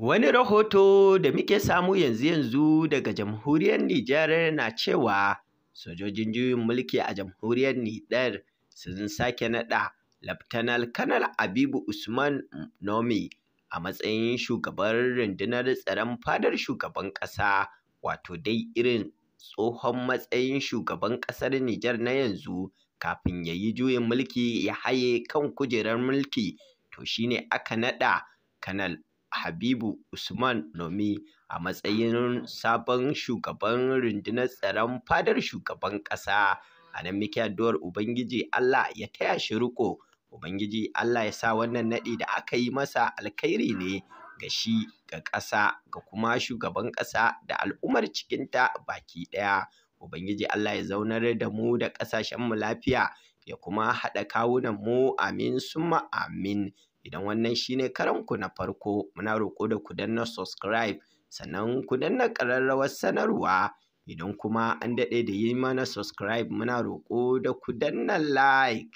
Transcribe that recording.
Wani rahoto da muke samu yanzu-yanzu daga Jamhuriyar Nijar na cewa sojojin juyin mulki a Jamhuriyar Nijar sun sake naɗa Laftanal Kanar Habibu Usman nomi a matsayin shugaban rundunar tsaron fadar shugaban ƙasa, wato dai irin tsohon matsayin shugaban ƙasar Nijar na yanzu kafin ya yi juyin mulki ya haye kan kujerar mulki, to shine aka naɗa Kanal Habibu Usman Nomi a matsayin sabon shugaban rundunar tsaron fadar shugaban ƙasa. A nan muke addu'ar Ubangiji Allah ya taya shi riƙo, Ubangiji Allah ya sa wannan naɗi da aka yi masa alkhairi ne ga shi ga ƙasa ga kuma shugaban ƙasa da al'ummar cikinta baki ɗaya. Ubangiji Allah ya zaunar da mu da ƙasashenmu lafiya ya kuma haɗa kawunan mu amin summa amin. Idan wannan shi shine karanku na farko muna roƙo da ku danna subscribe sannan ku danna ƙararrawar sanarwa idan kuma an daɗe da yi mana subscribe muna roƙo da ku danna like.